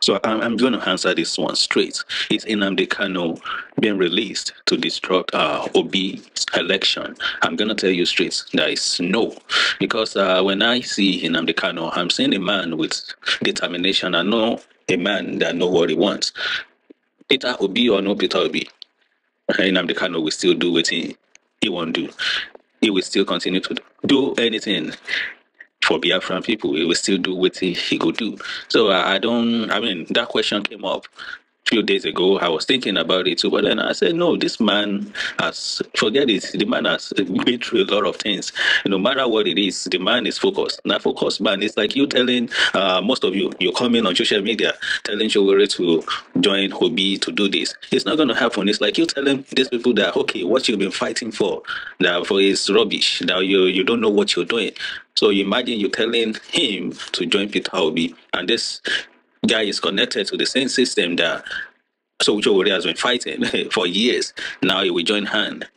So I'm, I'm going to answer this one straight. Is Nnamdi Kano being released to disrupt uh, Obi election? I'm going to tell you straight it's no. Because uh, when I see Nnamdi Kano, I'm seeing a man with determination. I know a man that knows what he wants. Peter Obi or no Peter Obi, Nnamdi Kano will still do what he, he won't do. He will still continue to do anything for Biafran people. He will still do what he, he could do. So I, I don't, I mean, that question came up few days ago, I was thinking about it, but then I said, no, this man has forget it. The man has been through a lot of things. No matter what it is, the man is focused. Now, focused man it's like you telling uh, most of you, you're coming on social media telling Shogore to join Hobby to do this. It's not going to happen. It's like you telling these people that okay, what you've been fighting for, now for is rubbish. Now you you don't know what you're doing. So imagine you telling him to join Peter Hobby and this guy is connected to the same system that Sowicho Warrior has been fighting for years. Now he will join hand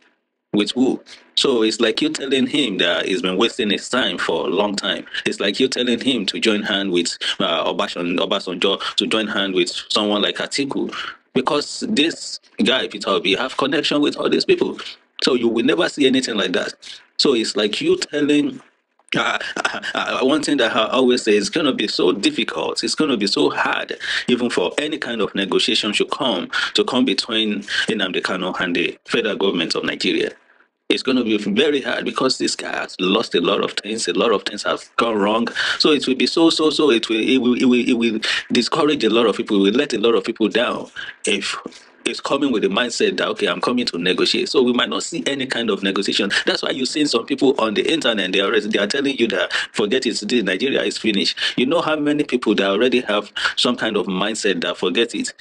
with who? So it's like you telling him that he's been wasting his time for a long time. It's like you telling him to join hand with uh, Obasan, Obasanjo, to join hand with someone like Atiku. Because this guy, Peter Obi, have connection with all these people. So you will never see anything like that. So it's like you telling uh, uh, uh, one thing that I always say is going to be so difficult. It's going to be so hard, even for any kind of negotiation to come to come between the Kano and the federal government of Nigeria. It's going to be very hard because this guy has lost a lot of things. A lot of things have gone wrong. So it will be so so so. It will it will it will, it will discourage a lot of people. It will let a lot of people down if is coming with the mindset that okay, I'm coming to negotiate. So we might not see any kind of negotiation. That's why you have seen some people on the internet. They are they are telling you that forget it today, Nigeria is finished. You know how many people that already have some kind of mindset that forget it.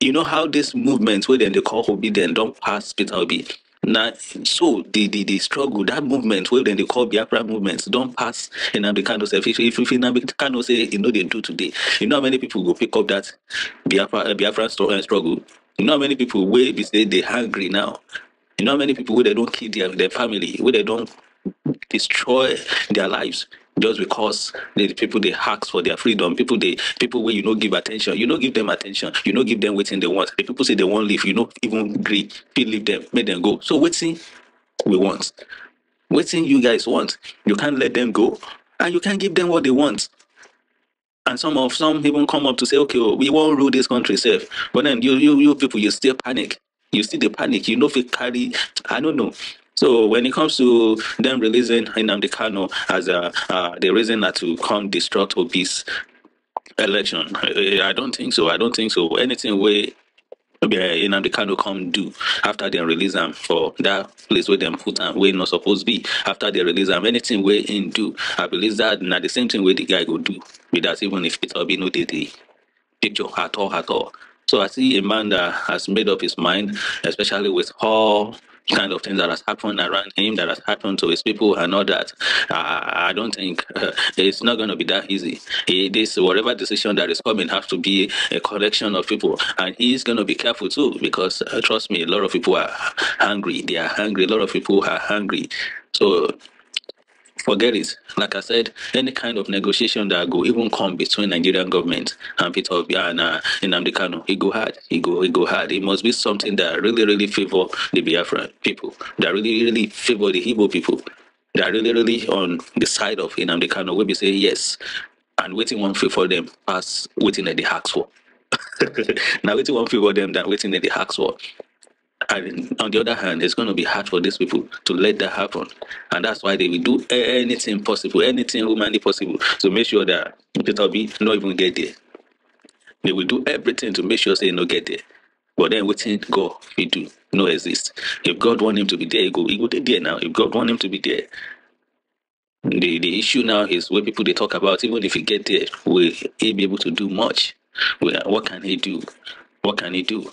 You know how this movement, where then they call Obi, then don't pass Peter Obi. na so the the the struggle that movement wey dem dey call biafra movement don pass nnamdi kano sef if if nnamdi kano say e no dey do today you know how many people go pick up that biafra uh, biafra st uh, eh, struggle you know how many people wey be say dey hungry now you know how many people wey dey don kill their their family wey dey don destroy their lives just because the people they hacks for their freedom, people they people where you know give attention, you don't give them attention, you don't give them what they want. The people say they won't leave, you know even agree, leave them, make them go. So thing we want, thing you guys want, you can't let them go, and you can't give them what they want. And some of some even come up to say, okay, oh, we won't rule this country safe. But then you you you people you still panic, you still the panic, you know if you carry, I don't know. So when it comes to them releasing Nnamdi Kano as a, uh, the reason that to come destruct Obi's election, eh, I don't think so. I don't think so. Anything way eh, Nnamdi Kano come do after they release him for that place where them put him, where not supposed to be. After they release them, anything where in do, I believe that not the same thing where the guy go do. with us even if Peter be no did the picture at all, at all. So I see a man that has made up his mind, especially with all kind of thing that has happened around him, that has happened to his people, and all that. Uh, I don't think uh, it's not going to be that easy. He, this whatever decision that is coming has to be a collection of people, and he's going to be careful too because uh, trust me, a lot of people are hungry. They are hungry. A lot of people are hungry. So forget it. Like I said, any kind of negotiation that go even come between Nigerian government and Peter Obi and uh, Nnamdi Kanu, it go hard. It go it go hard. It must be something that really really favor the Biafran people, that really really favor the Igbo people. That really really on the side of Nnamdi Kanu will be say yes, and waiting one fee for them as waiting at the hacks for. now waiting one fee for them than waiting at the hacks for. I mean, on the other hand, it's going to be hard for these people to let that happen. And that's why they will do anything possible, anything humanly possible to make sure that Peter Obi not even get there. They will do everything to make sure they no get there. But then we think God we do, no exist. If God want him to be there, he go, he go there now. If God want him to be there, the, the issue now is when people they talk about, even if he get there, will he be able to do much? What can he do? What can he do?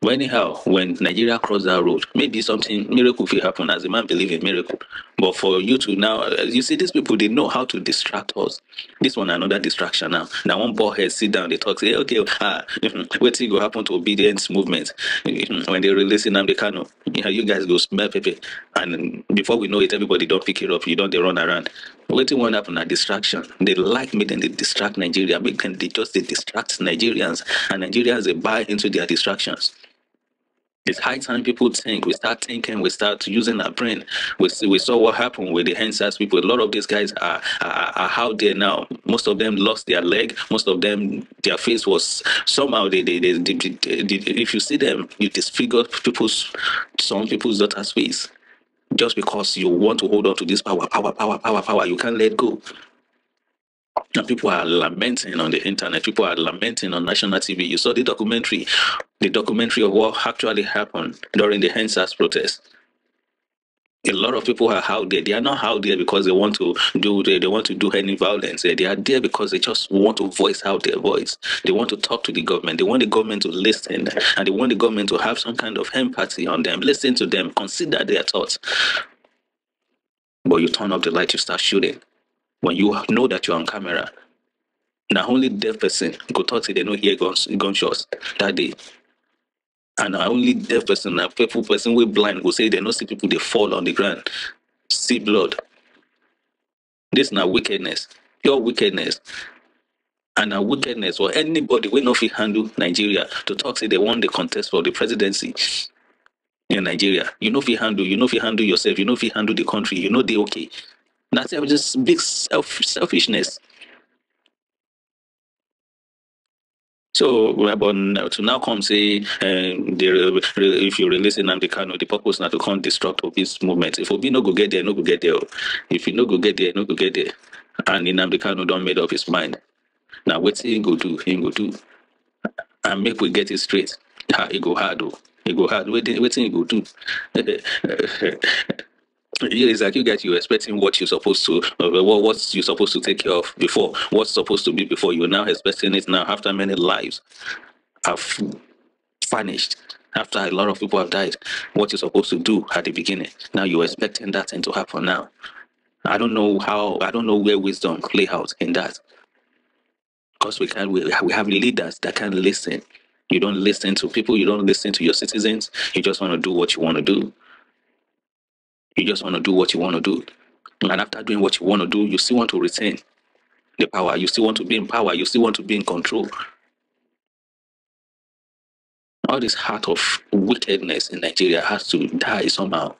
But anyhow, when Nigeria crossed that road, maybe something miracle will happen as a man believe in miracle. But for you to now, uh, you see, these people they know how to distract us. This one another distraction now. Now one ball head sit down, they talk, say, okay, ah, mm-hmm, waiting will happen to obedience movement mm-hmm, when they release them, they can yeah, you guys go smell paper, and before we know it, everybody don't pick it up. You don't they run around. Waiting won't happen a distraction. They like me, then they distract Nigeria. Make they just they distract Nigerians, and Nigerians they buy into their distractions. It's high time people think. We start thinking. We start using our brain. We see, we saw what happened with the handsets people. A lot of these guys are, are, are out there now. Most of them lost their leg. Most of them, their face was somehow. They, they, they, they, they if you see them, you disfigure people's some people's daughter's face just because you want to hold on to this power, power, power, power, power. You can't let go people are lamenting on the internet. People are lamenting on national TV. You saw the documentary, the documentary of what actually happened during the Hensas protest. A lot of people are out there. They are not out there because they want to do they, they want to do any violence. They are there because they just want to voice out their voice. They want to talk to the government. They want the government to listen and they want the government to have some kind of empathy on them. Listen to them. Consider their thoughts. But you turn off the light, you start shooting when you know that you're on camera. Now only deaf person could to they don't hear guns, gunshots that day. And only deaf person, a faithful person with blind will say they don't see people, they fall on the ground, see blood. This is not wickedness, pure wickedness. And a wickedness or anybody will not handle Nigeria to talk say they won the contest for the presidency in Nigeria. You know if you handle, you know if you handle yourself, you know if you handle the country, you know they okay. That's just big self selfishness. So Rabbi to now come say uh, if you release Nnamdi Kano, the purpose now to come destruct of this movement. If Obi no go get there, no go get there. Oh. If you no go get there, no go get there. And Nnamdi Kano don't made up his mind. Now what he go do? He go do. And make we get it straight. Ha, he go hard. Oh. He go hard. What he go do? it's like you get you're expecting what you're supposed to uh, what what you're supposed to take care of before what's supposed to be before you now expecting it now after many lives have vanished after a lot of people have died what you're supposed to do at the beginning now you're expecting that thing to happen now i don't know how i don't know where wisdom play out in that because we can we, we have leaders that can not listen you don't listen to people you don't listen to your citizens you just want to do what you want to do you just want to do what you want to do. And after doing what you want to do, you still want to retain the power. You still want to be in power. You still want to be in control. All this heart of wickedness in Nigeria has to die somehow.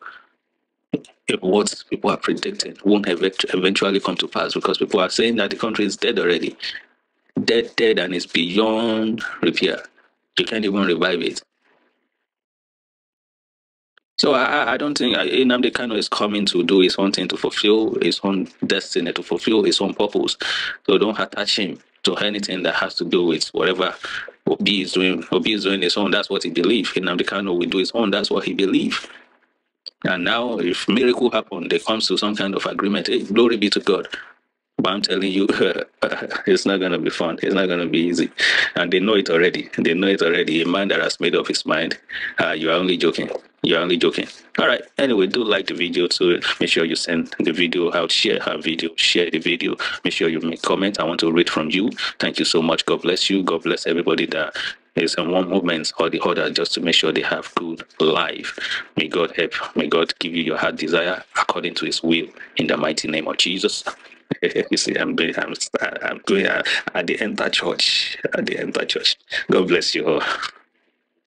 If what people are predicting won't have eventually come to pass because people are saying that the country is dead already. Dead, dead, and it's beyond repair. You can't even revive it. So I, I don't think uh, Nnamdi Kano is coming to do his own thing to fulfill his own destiny, to fulfill his own purpose. So don't attach him to anything that has to do with whatever Obi is doing. Obi is doing his own. That's what he believes. Nnamdi Kano will do his own. That's what he believes. And now, if miracle happen, there comes to some kind of agreement. Hey, glory be to God. But I'm telling you, it's not going to be fun. It's not going to be easy. And they know it already. They know it already. A man that has made up his mind, uh, you are only joking. You're only joking. All right. Anyway, do like the video too. Make sure you send the video out, share her video, share the video. Make sure you make comments. I want to read from you. Thank you so much. God bless you. God bless everybody that is in one moment or the other just to make sure they have good life. May God help. May God give you your heart desire according to his will in the mighty name of Jesus. you see, I'm doing, I'm, I'm doing, uh, at I did enter church. I did enter church. God bless you all.